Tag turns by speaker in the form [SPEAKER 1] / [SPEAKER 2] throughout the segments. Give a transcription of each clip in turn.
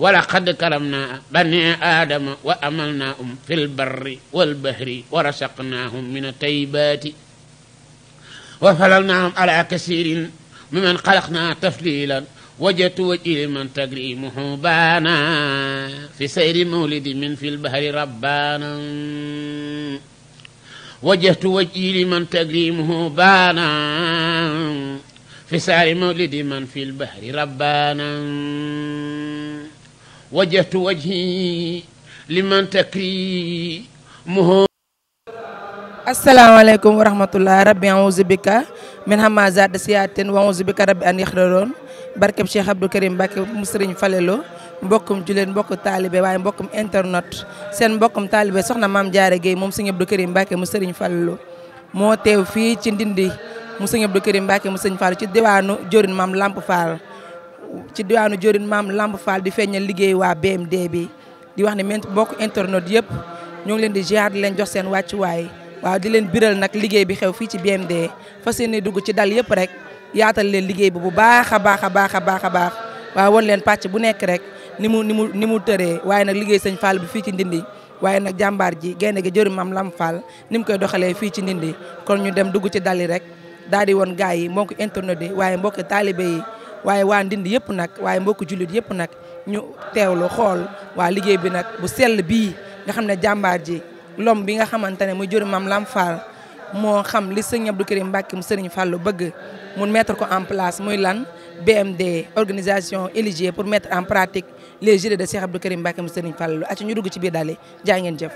[SPEAKER 1] ولقد كرمنا بني آدم وأملناهم في البر والبحر ورسقناهم من الطيبات وفللناهم على كثير ممن خلقنا تفليلا وجدت وجهي من تجري محبانا في سير مولد من في البحر ربانا وجهت وجهي لمن تقريمه بانا في سير مولد من في البحر ربانا وجهت وجهي لمن تكريمه
[SPEAKER 2] asalaamaaleykum wa rahmatullah rabbi auzu bika min hamazaati siyaatin wa auzu bika rabbi an yaxdaroon barkeb xab Abdou Karim Mbacké mu sëriñ Falelu mbokkum juleen mbokk taalibe waaye mbokkum internet seen mbokkum taalibe soxna maam Diarra Guèye moom sëriñ Abdou Karim Mbacké mu sëriñ Falelu moo teew fii ci Ndindi mu sëriñ Abdou Karim Mbacké mu sëriñ Falelu ci diwaanu Jorin maam làmp Fall ci diwaanu Diorin maam Lamb Fall di feeñal liggéey waa BMD bi di wax ne ment mbokk internet yëpp ñoo ngi leen di ziar leen jox seen wàccuwaay waa di leen biral nag liggéey bi xew fii ci BMD fas yéene dugg ci dal yëpp rek yaatal leen liggéey bi bu baax a baax a baax a baax a baax waaw leen pàcc bu nekk rek ni mu ni mu ni mu tëree waaye nag liggéey sëñ Fall bi fii ci Ndindi waaye nag jàmbaar ji gaynde gi Diorin maam Lamb Fall ni mu koy doxalee fii ci Ndindi kon ñu dem dugg ci dal yi rek daal di woon gars yi mbokk internet yi waaye mbokk taalibe yi waaye waa Ndindi yëpp nag waaye mbokku jullit yëpp nag ñu teew teewlu xool waa liggéey bi nag bu sell bii nga xam ne jàmbaar ji lom bi nga xamante ne muy jur Maam Lam Fall moo xam li sëñ Abdou Karim Mbacke mu sëriñ Fallou bëgg mu mettre ko en place muy lan BMD organisation éligier pour mettre en pratique les idées de Cheikh Abdou Karim Mbacke mu sëriñ Fallou ak ci ñu dugg ci biir daal jaa ngeen jëf.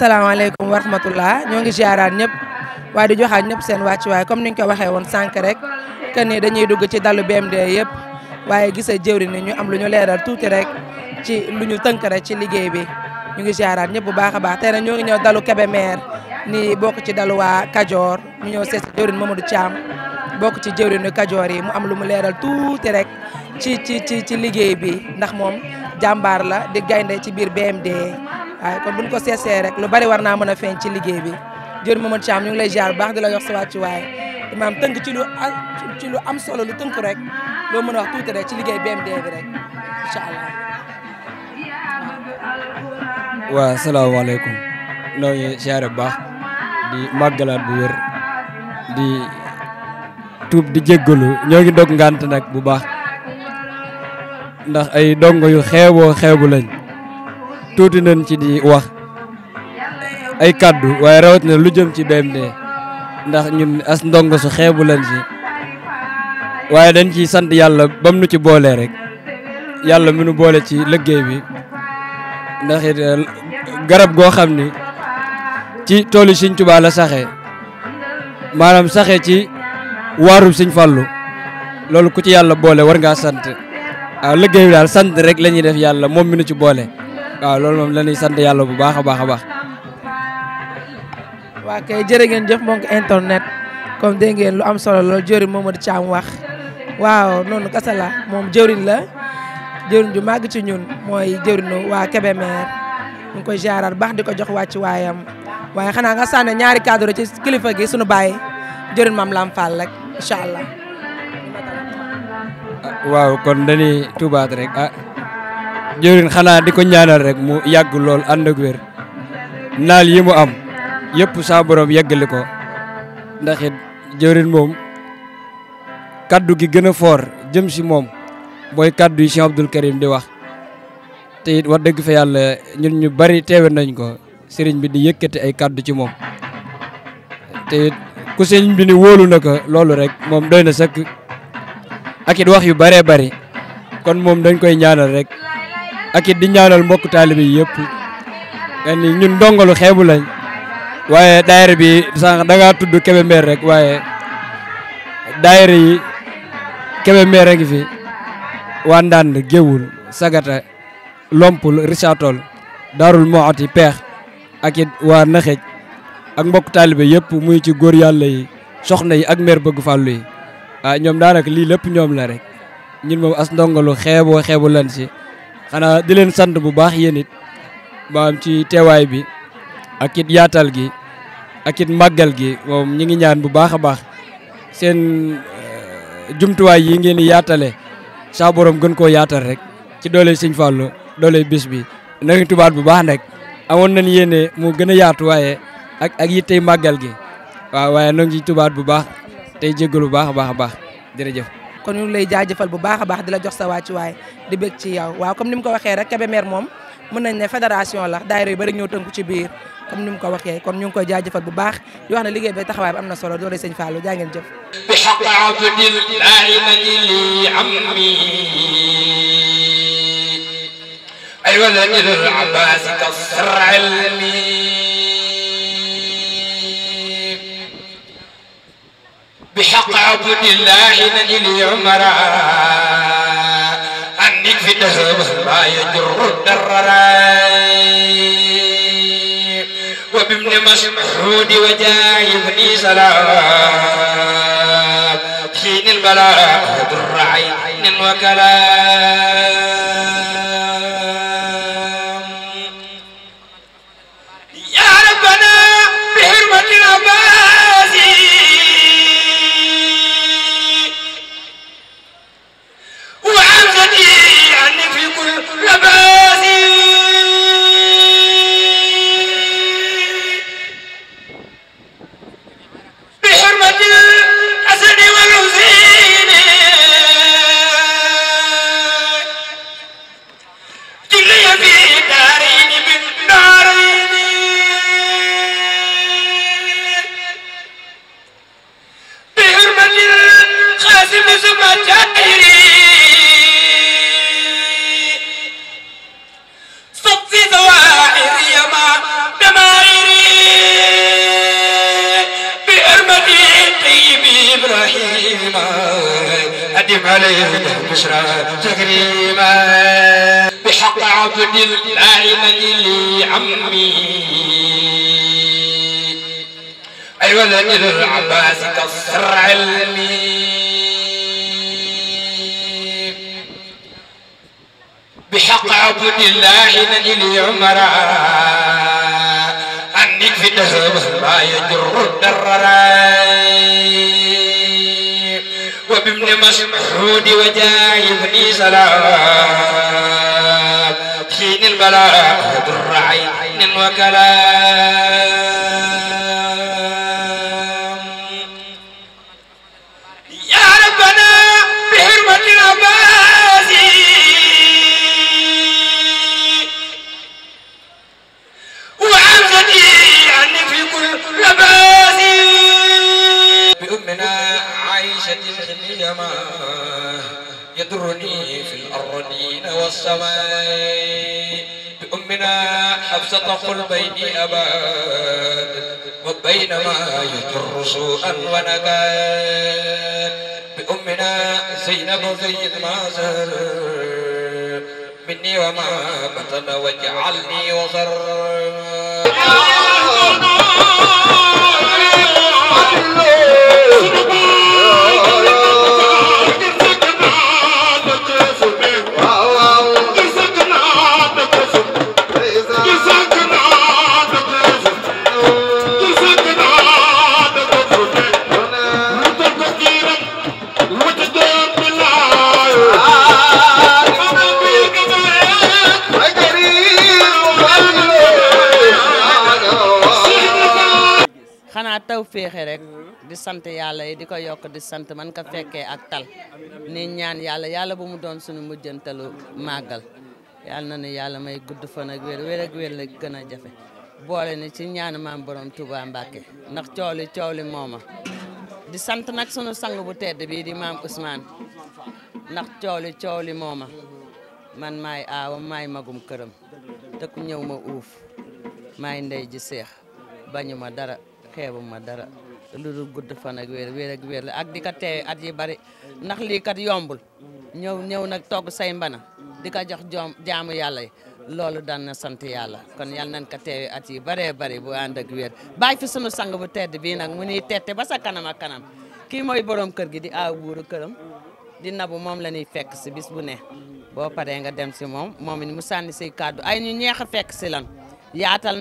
[SPEAKER 2] asalaamaaleykum wa rahmatullah ñoo ngi ziaraat ñëpp waaye di joxaat ñëpp seen waaye comme ni niñ ko waxee woon sànq rek que dañuy dugg ci dalu BMD yëpp waaye gisa jëwri ni ñu am lu ñu leeral tuuti rek ci lu ñu tënk ci liggéey bi ñu ngi ziaraat ñëpp bu baax a baax tey ñoo ngi ñëw dalu Kébémer bokk ci dalu waa Kajoor ñu ñëw seet si jëwrin Mamadou Thiam bokk ci jëwrinu Kajoor yi mu am lu mu leeral tuuti rek ci ci ci ci liggéey bi ndax moom jàmbaar la di gaynde ci biir BMD waaye kon buñ ko seesee rek lu bari war naa mën a feeñ ci liggéey bi jër Mamadou Thiam ñu lay ziar bu baax di la jox sa wàccuwaay imaam tënk ci lu ci lu am solo lu tënk rek loo mën a wax tuuti ci liggéey BMD bi rek bu baax
[SPEAKER 3] di bu wér di tuub di jéggalu ñoo ngi dog ngant nag bu baax ndax ay dongo yu xeeboo xeebu lañ. tuuti nañ ci di wax ay kaddu waaye rawat na lu jëm ci BMD ndax ñun as ndongo su xeebu lañ si waaye dañ ci sant yàlla bam nu ci boolee rek yàlla munu boole ci liggéey bi ndax eh, garab goo xam ni ci toolu Sëñ Tuubaa la saxee maanaam saxe ci waarum Sëñ Fallu loolu ku ci yàlla boole war ngaa sant waaw ah, liggéey bi daal sant rek la ñuy def yàlla moom mi nu ci boole waaw loolu moom la ñuy sant yàlla bu baax baax a baax.
[SPEAKER 2] waa kay jërë ngeen jëf moom internet comme dégg ngeen lu am solo lool jëwriñ Mamadou Thiam wax waaw noonu kasa la moom jëwriñ la jëwriñ ju màgg ci ñun mooy jëwriñu waa Kébémer ñu ngi koy jaaraat baax di ko jox wàcc waayam waaye xanaa nga sànne ñaari cadre ci kilifa gi suñu baay jëwriñ Mame Lam Fall rek allah.
[SPEAKER 3] Ah, waaw kon dañuy tubaat rek ah. jëwriñ xanaa di ko ñaanal rek mu yàgg lool ànd ak wér naal yi mu am yëpp saa borom yeggali ko ndax it jëwrin moom kaddu gi gën a foor jëm si moom mooy kàddu yi Cheikh Abdoul Karim di wax te it wax dëgg fa yàlla ñun ñu bari teewe nañ ko sëriñ bi di yëkkati ay kaddu ci moom te it bi ni wóolu na ko loolu rek moom doy na sëkk ak it wax yu baree bari kon moom dañ koy ñaanal rek akit di ñaanal mbokk taalibe yi yëpp ni ñun ndongalu xeebu lañ waaye daayira bi sànq da ngaa tudd Kébémer rek waaye daayira yi Kébémer a ngi fi waa Ndand Géwul Sagata Lompul Richard-Toll Darou Mouhty Peex ak it waa Naxej ak mbokk taalibe yëpp muy ci góor yàlla yi soxna yi ak meer bëgg fàllu yi ah ñoom daanaka lii lépp ñoom la rek ñun moom as ndongalu xeeboo xeebu lan si xanaa di leen sant bu baax yéen it maam ci teewaay bi ak it yaatal gi ak it màggal gi moom ñi ngi ñaan bu baax a baax seen eh, jumtuwaay yi ngeen di yaatale saa gën koo yaatal rek ci doole Sëñ Fallou doole bis bi. na ngi tubaat bu baax nag amoon nañ yéene mu gën a yaatu waaye ak ak yittey màggal gi waaw waaye na ngi tubaat bu baax tey jéggalu bu baax a baax a baax jërëjëf.
[SPEAKER 2] kon ñu lay jaajëfal bu baax a baax di la jox sa wàccuwaay di bëgg ci yow waaw comme ni mu ko waxee rek Kébémer moom mën nañ ne fédération la daayira yu bari ñoo tënku ci biir comme ni mu ko waxee kon ñu ngi koy jaajëfal bu baax di wax ne liggéey bi taxawaay bi am na solo doole sëñ Fallou jaa ngeen jëf
[SPEAKER 3] bi xaqaatudil aimati li ammi ay wala lil abbas kasralmi بحق عبد الله نجل عمرا أنك في دهب ما يجر الدرر وبابن مسعود وجاه ابن سلام حين البلاء در عين وكلام أهلي
[SPEAKER 4] بحق عبد الله نجلي عمرا
[SPEAKER 3] أنك في ذهب ما يجر الدرر وبابن مسعود وجاه ابن سلام حين البلاء ضر عين وكلام أبسط قلبين أباد وبينما يجر سوءا ونكاد بأمنا زينب زيد ما زر مني وما بطن واجعلني وزر
[SPEAKER 5] féexe rek di sant yàlla yi di ko yokk di sant man ko fekkee ak tal ni ñaan yàlla yàlla bu mu doon suñu mujjantalu màggal yàlla na nu yàlla may gudd fan ak wér wér la gën a jafe boole ni ci ñaan maam borom Touba Mbacke ndax coow li coow mooma di sant nag sunu sang bu tedd bii di maam Ousmane ndax coow li coow mooma man may aawa maay magum këram te ñëw ma uuf maay ndey ji seex ma dara xeebu ma dara lu dul gudd fan ak weer weer ak weer la ak di ko teewe at yi bari ndax lii kat yombul ñëw ñëw nag togg say mbana di ko jox joom jaamu yàlla yi loolu dan na sant yàlla kon yal nañ ko teewe at yi baree bari bu ànd ak weer bàyyi fi sunu sang bu tedd bii nag mu nuy tette ba sa kanam ak kanam kii mooy borom kër gi di aaw buuru këram di nabu moom la ñuy fekk si bis bu ne boo paree nga dem si moom moom it mu sànni say kàddu ay ñu ñeex a si lan yaatal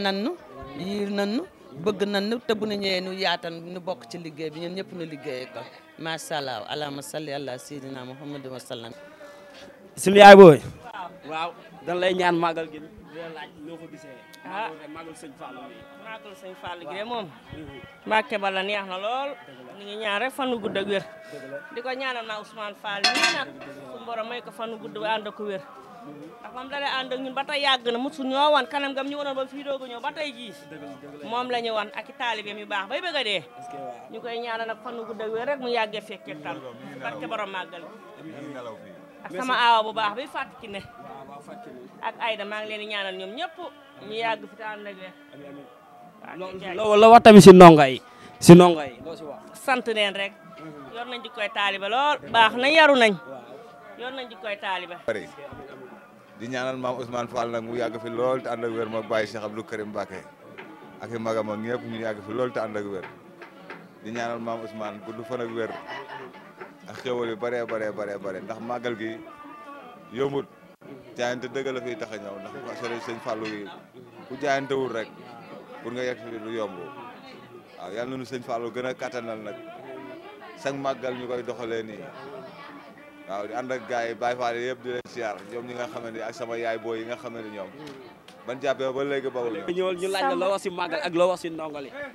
[SPEAKER 5] bëgg nañu te bu ñu ñëwee ñu yaatan ñu bokk ci liggéey bi ñun ñëpp ñu liggéey ko macha allah allahumma salli ala sayyidina muhammad wa sallam. sunu yaay booy. waaw dan lay ñaan màggal gi di la laaj noo ko gisee. ah
[SPEAKER 6] màggal sëñ Fallou gi. màggal sëñ moom. Mhm. Mbàkke ba la neex na lool. ñu ngi ñaan rek fanu gudd ak wér. di ko ñaanal naa Ousmane Fall ñii nag su borom may ko fanu gudd ànd ak wér. moom dale ànd ak ñun ba tey yàgg na mosul ñoo wan kanam gam ñu wanoon ba fii dooga ñëw ba tey gis moom la ñu wan ak i taalibe mi baax bay bëgg a dee ñaanal nag fan gudd ak rek mu yàggee fekkee tal barke borom màggal ak sama aawa bu baax bi fàtt ne ak Ayda maa ngi leen di ñaanal ñoom ñëpp ñu yàgg fi te ànd ak wér loolu la wax tamit si ndongo
[SPEAKER 3] yi si wax
[SPEAKER 6] sant leen rek yor nañ di koy taalibe lool baax nañ yaru nañ yor nañ di koy taalibe
[SPEAKER 7] di ñaanal maam Ousmane Fall nag mu yàgg fi lool te ànd ak wér moog Baye Cheikh Abdou Karim Mbacké ak i magam ak ñëpp ñu yàgg fi lool te ànd ak wér di ñaanal maam Ousmane gudd fan ak wér ak xéwal yu bëree baree baree bare ndax màggal gi yombut jaayante dëgg la fiy tax a ñëw ndax sëriñ sëñ Fallou yi ku jaayantewul rek pour nga yegg fi du yomb waaw yàlla na nu sëñ Fallou gën a kattanal nag sag màggal ñu koy doxalee nii waaw di ànd ak gars yi Baye Fall yëpp di leen siyaar ñoom ñi nga xamante ni ak sama yaay booy yi nga xamante ni ñoom ban jàppee ba léegi bawul ñoom
[SPEAKER 3] ñëwal laaj
[SPEAKER 8] la
[SPEAKER 7] si màggal loo wax li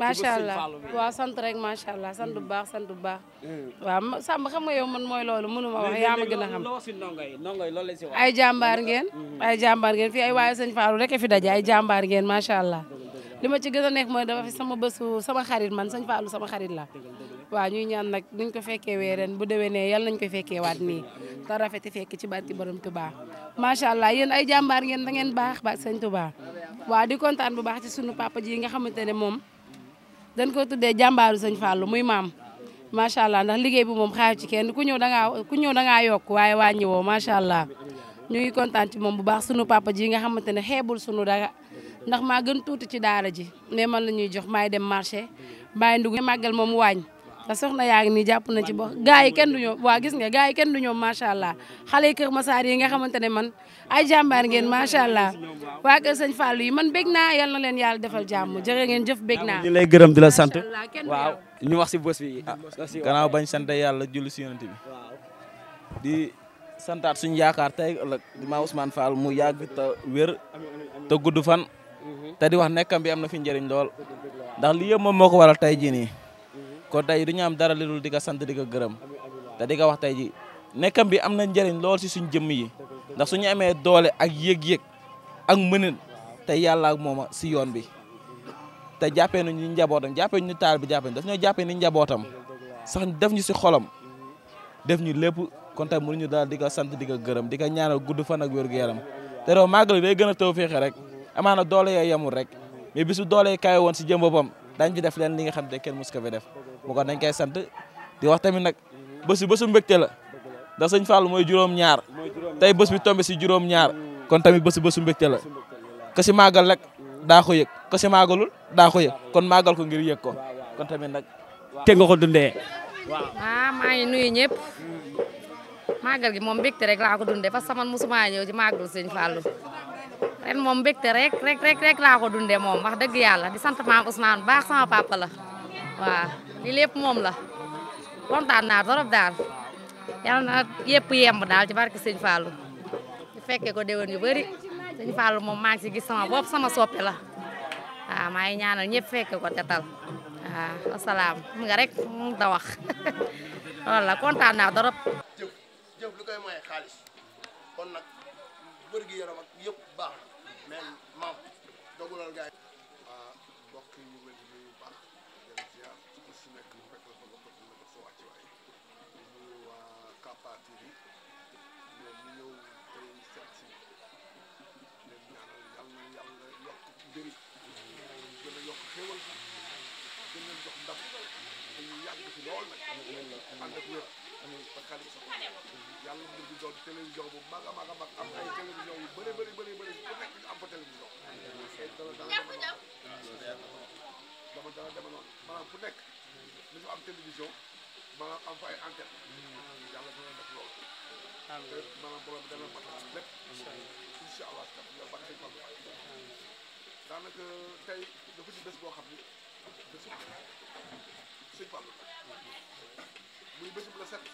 [SPEAKER 1] macha allah
[SPEAKER 8] waaw sant rek macha allah sant bu baax sant bu baax hmm. waaw Samba xam nga yow man mooy loolu mënu ma wax yaa ma gën a xam loo si ndongo yi ndongo yi loolu la si wax ay jàmbaar ngeen hmm. ay jàmbaar ngeen fii ay waaye sëñ Fallou rek fi daje ay jàmbaar ngeen macha allah li ma ci gën a nekk mooy dafa fi sama bésu sama xarit man sëñ Fallou sama xarit la waaw ñuy ñaan nag nuñ ko fekkee wee ren bu déwénee yal nañ ko fekkee waat ni te rafet fekk ci barki borom Touba macha allah yéen ay jàmbaar ngeen da ngeen baax ba sëñ Touba waaw di kontaan bu baax ci sunu papa ji nga xamante ne moom dañ ko tuddee jàmbaaru sëñ Fallou muy maam macha allah ndax liggéey bi moom xaar ci kenn ku ñëw da ngaa ku ñëw da yokk waaye wàññi woo macha allah ñu ngi kontaan ci moom bu baax sunu papa ji nga xamante ne xeebul sunu dara ndax maa gën tuuti ci daara ji mais man la ñuy jox maay dem marché bàyyi ndugg màggal moom waañ da soxna yaa ni japp na ci bo gaay ken duñu wa gis nga gaay ken duñu du ñoom allah yi nga xamantene man ay jambar ngeen macha allah wa Kër Sëñ Fallou yi man begna yal na len yalla defal jamm jere ngeen jëf begna naa. ñu
[SPEAKER 1] lay gëreem di la sant waaw ñu wax ci bés bi. Ah, ganaw bañ sante yalla jullu ci yoonte bi. di santaat suñu yaakar tay di ma Ousmane Fall mu yàgg ta wër ta gudd fan. Mhm. te di wax nekkam bi amna fi njëriñ ndax li yëm moko waral tay kon tey du ñu am dara li dul di ko sant di ko gërëm te di ko wax tey ji nekkam bi am na njariñ lool si suñ jëmm yi ndax suñu amee doole ak yëg-yëg ak mënin te yàlla ak mooma si yoon bi te jàppee nañ ñu njabootam jàppee ñu taal bi jàppee daf ñoo jàppee ni njabootam sax def ñu si xolam def ñu lépp kon tey mënuñu daal di ko sant di ko gërëm di ko ñaanal gudd fan ak wér-gu-yaram te doo màggal day gën a taw féexe rek amaana doole yooyu yemul rek bi su doole yi woon si jëm boppam dañ fi li nga xam te kenn mës kon dañ koy sant di wax tamit nak bëss bi bëssu mbekté la da señ Fall moy juroom ñaar tay bëss bi tombé ci juroom ñaar kon tamit bëss bëssu mbekté la ka si màggal rek daa ko yek ka si màggalul ko yek kon magal ko ngir yek ko kon tamit nak té nga ko dundé
[SPEAKER 8] ah maa ngi nuyu ñëpp magal gi mom mbekté rek la ko dundé fa sama musuma mosuma ñëw ci magal señ fall ren mom mbekté rek rek rek rek la ko dundé mom wax dëgg yalla di sante mam Ousmane baax sama papa la waaw. li moom la kontaan naa torop daal yal na yëpp yemb daal ci barke sëñ Fallou ñu fekkee ko déwén yu bëri sëñ moom maa ngi si gis sama bopp sama soppe la waaw maa ngi ñaanal ñëpp fekke ko tetal waaw mu nga mu da wax kontaan naa torop
[SPEAKER 9] yàlla mu ngi doon télévision bu mag a mag a mag am ay télévision yu bëri bëri bëri bëri ku nekk ñu am fa télévision. dama dana dama noonu maanaam ku nekk ñu fa am télévision maanaam am fa ay antenne yàlla dina def loolu. te maanaam borom dana matal lépp. incha allah tam yow ba tey fan daanaka tey dafa ci bés boo xam ni bésu suñ fan muy bésub la set.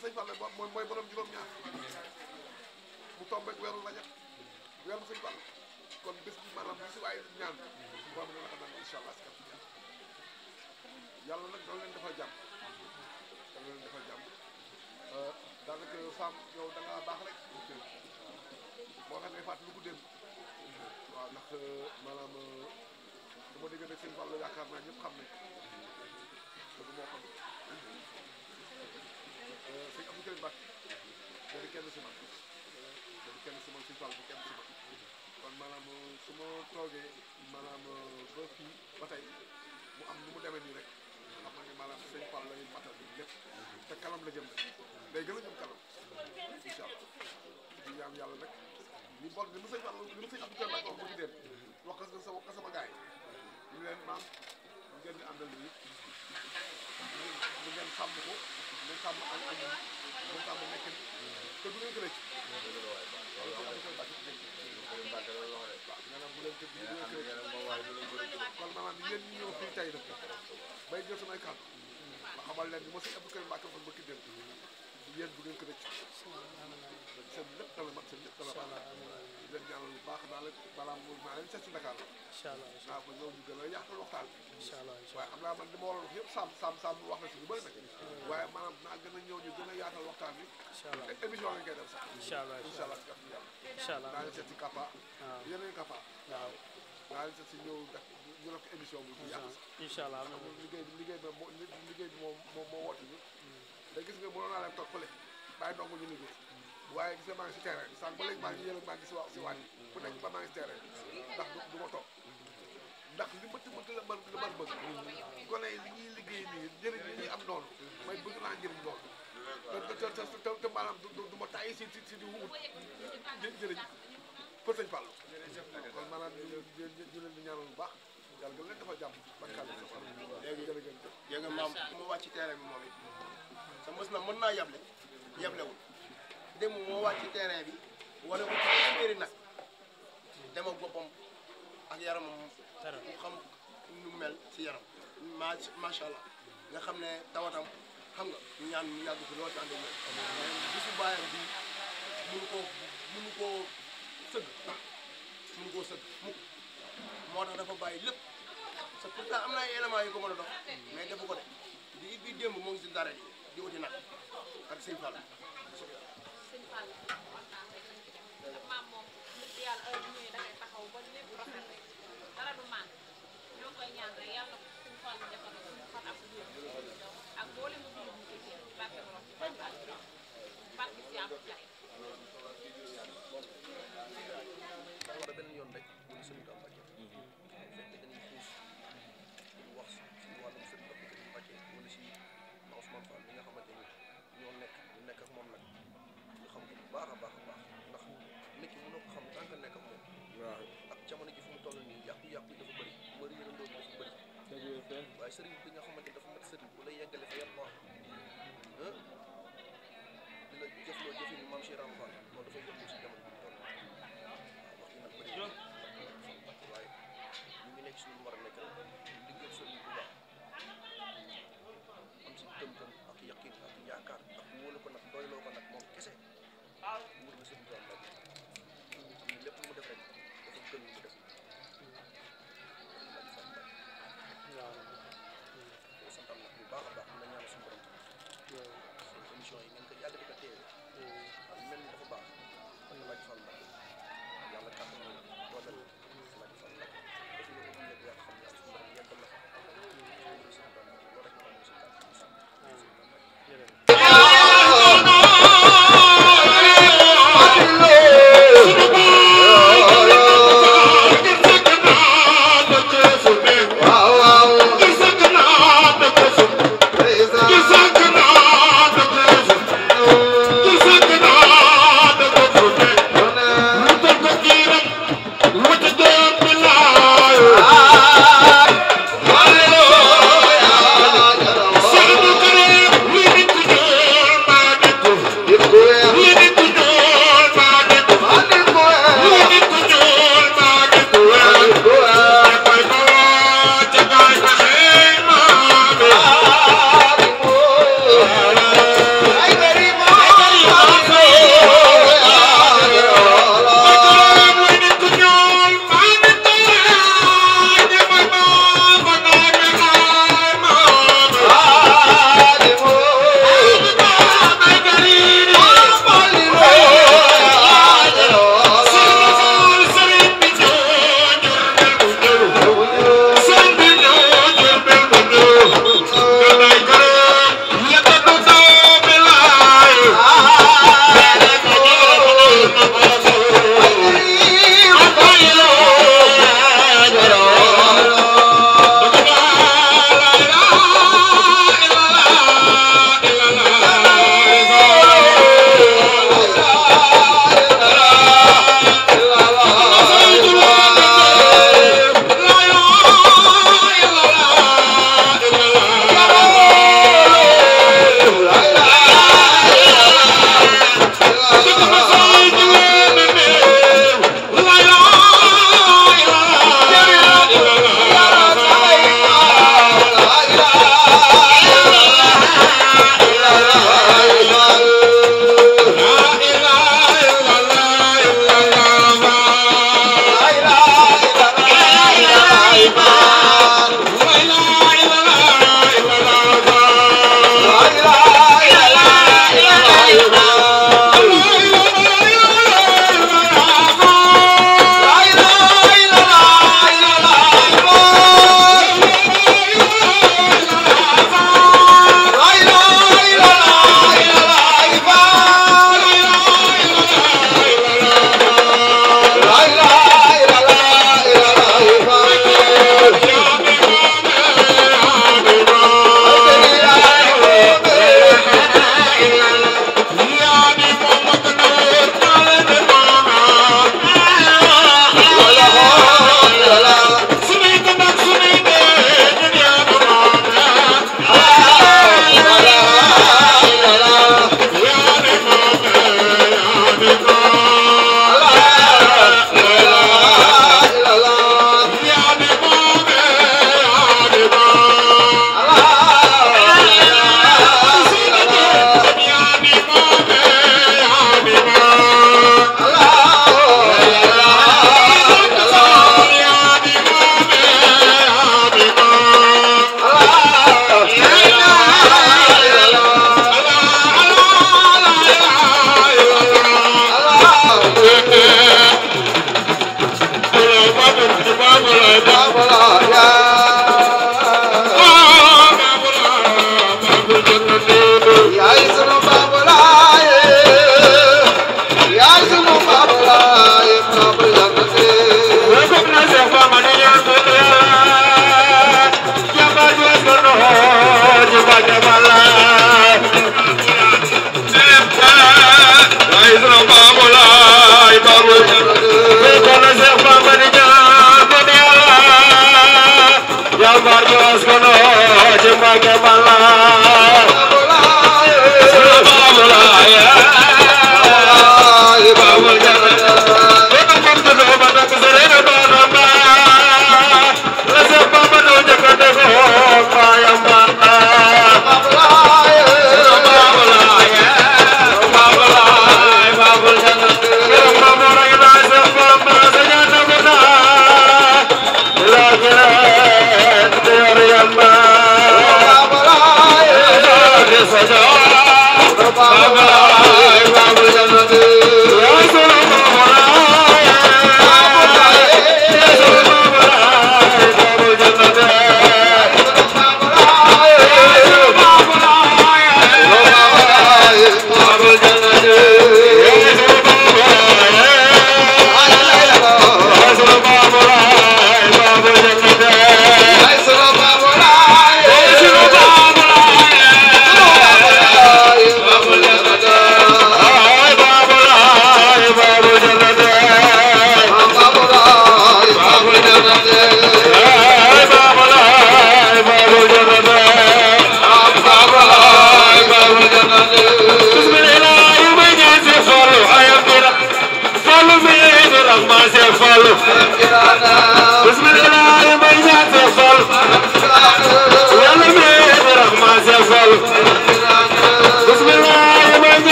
[SPEAKER 9] sëñ Fall mooy mooy borom juróom-ñaar bu tombe ak weeru rajab weeru sëñ Fall kon bés maanaam bu si waaye ñaan borom na la xam ne yàlla nag dana leen defal jàmm dana leen defal jàmm euh, daanaka Sam yow da ngaa baax rek moo xam ne fàtt lu ko dem waaw ndax euh, maanaam dama euh, dégg ne sëñ Fall yaakaar naa ñëpp xam ne dëgg moo xam sëñ Abdou Karim Mbacke dafa kenn si man dafa kenn bu kenn kon maanaam su ma toogee maanaam ba fii ba tey mu am nu mu demee nii rek xam nga ne maanaam sëñ la ñuy day gën a jëm kanam incha allah yàlla nag ñu bon li mu sëñ am li mu sëñ Abdou Karim Mbacke wax ba ci dem wax yi ñu ngeen di àndal ko. muy sàmm ak ak muy sàmm nekkin te du ngeen ko rëcc. maanaam bu leen ko bu leen ko rëcc kon maanaam yéen ñi ñëw fii tey nag bay jël samay kàddu ma xamal leen ni ma sëñ Abdou Karim Mbacke fan ba ki dem yéen bu ngeen ko rëcc. seen lépp dana mat seen lépp dana baax. di leen ñaanal bu baax daal balaa mu maa leen seet si Dakar la. incha allah waaw kon ñoom ñu gën a yaatal waxtaan bi. incha allah waaye xam naa man li ma waroon wax yëpp Sam Sam Sam wax na si lu bëri nag. waaye maanaam naa gën a ñëw ñu gën a yaatal waxtaan bi. incha allah te émission nga koy def sax. incha allah incha allah di gàttal yàlla. incha allah naa leen seet si Kapa. waaw yeneen Kapa. waaw naa leen seet si ñëw ñu def émission bi. incha allah incha allah liggéey bi liggéey bi moom moo woote ñu te gis nga mënoon naa leen toog fële bàyyi ndongo ñu liggéey waaye gis nga maa ngi si terrain bi sànq ba léegi maa ngi yële maa ngi si wa si wàññi ku nekk ba maa ngi si terrain ndax du ma toog ndax li mëtt mëtt la man la man bëgg gone yi li ñuy liggéey nii njëriñ li ñuy am noonu may bëgg naa njëriñ loolu te te te te maanaam du du ma taay si si si di wut njëriñ pour sëñ Fallou kon maanaam ñu leen ñu leen di ñaanal bu baax yàlla gën leen dafa jàmm bakkaal léegi jërëjëf léegi maam mu wàcc terrain bi moom it te mës na mën naa yable yablewul dem moo wàcc ci terrain bi wane ko ci téeméeri nag dem ak boppam ak yaramam mu xam nu mel si yaram ma macha allah nga xam ne tawatam xam nga ñu ñaan ñu yàgg fi lool ci ànd ak ñoom bisu bàyyam bi mënu koo mënu koo sëgg mënu koo moo tax dafa bàyyi lépp te pourtant am naa ay éléments yu ko mën a dox mm. mais defu ko de di bi démb moo ngi si dara yi di wuti nag ak sëñ Fall.
[SPEAKER 8] sëñ Fall maam moom nit yàlla ñëwee da taxaw ba lépp rafet rek dara du maan ñoo koy ñaan rek yàlla ko.
[SPEAKER 9] baax a baax a baax ndax nit ki mënoo ko xam tant que nekk ak moom. waaw ak jamono ji fu mu toll nii yàqu-yàqu yi dafa bëri mbëri yërëndoo bi dafa bëri. waaye sëriñ bi nga xamante dafa mat sëriñ bu la yeggale fa yàlla ko ah di la jëfloo jëfin maam Cheikh Rame Fall loolu dafay yëngu si jamono bi mu toll waaw wax ji nag bëri waaye ñu ngi nekk suñu war a nekk rek liggéey sëriñ bu baax enjoyment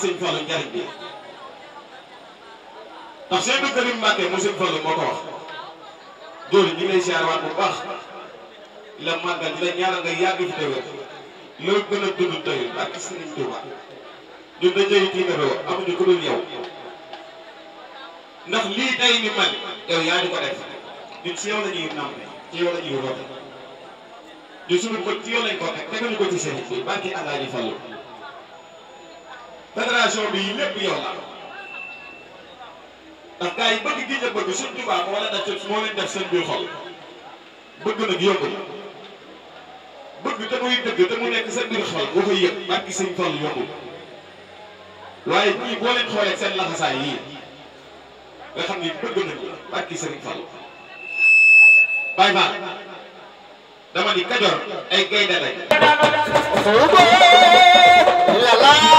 [SPEAKER 7] sëñ Fallou njariñ bi ndax seen dëkk bi Mbàkke mu sëñ Fallou moo ko wax jooju ñu lay siyaarwaat bu baax la màggal di la ñaanal nga yàgg fi tewee loolu gën a dund tey ak sëriñ Touba ñun dañuy tiitaro amuñu ku dul yow ndax lii tey ni man yow yaa di ko def ñun ci yow la ñuy nampe ci yow la ñuy rote ñun suñu ko ci yow lañ ko teg teguñu ko fédération bi lépp yow la ndax gars yi bëgg gi ñu bëgg suñ tubaab wala def seen moo leen def seen biir xol bëgg nag yomb na bëgg te muy dëgg te mu nekk seen biir xol nga koy yëg barki sëñ toll yombul waaye ñii boo leen xoolee seen laxasaay yii nga xam ni bëgg nañu barki sëriñ Fall bay Fall dama ni Kajoor ay gaynde lañ.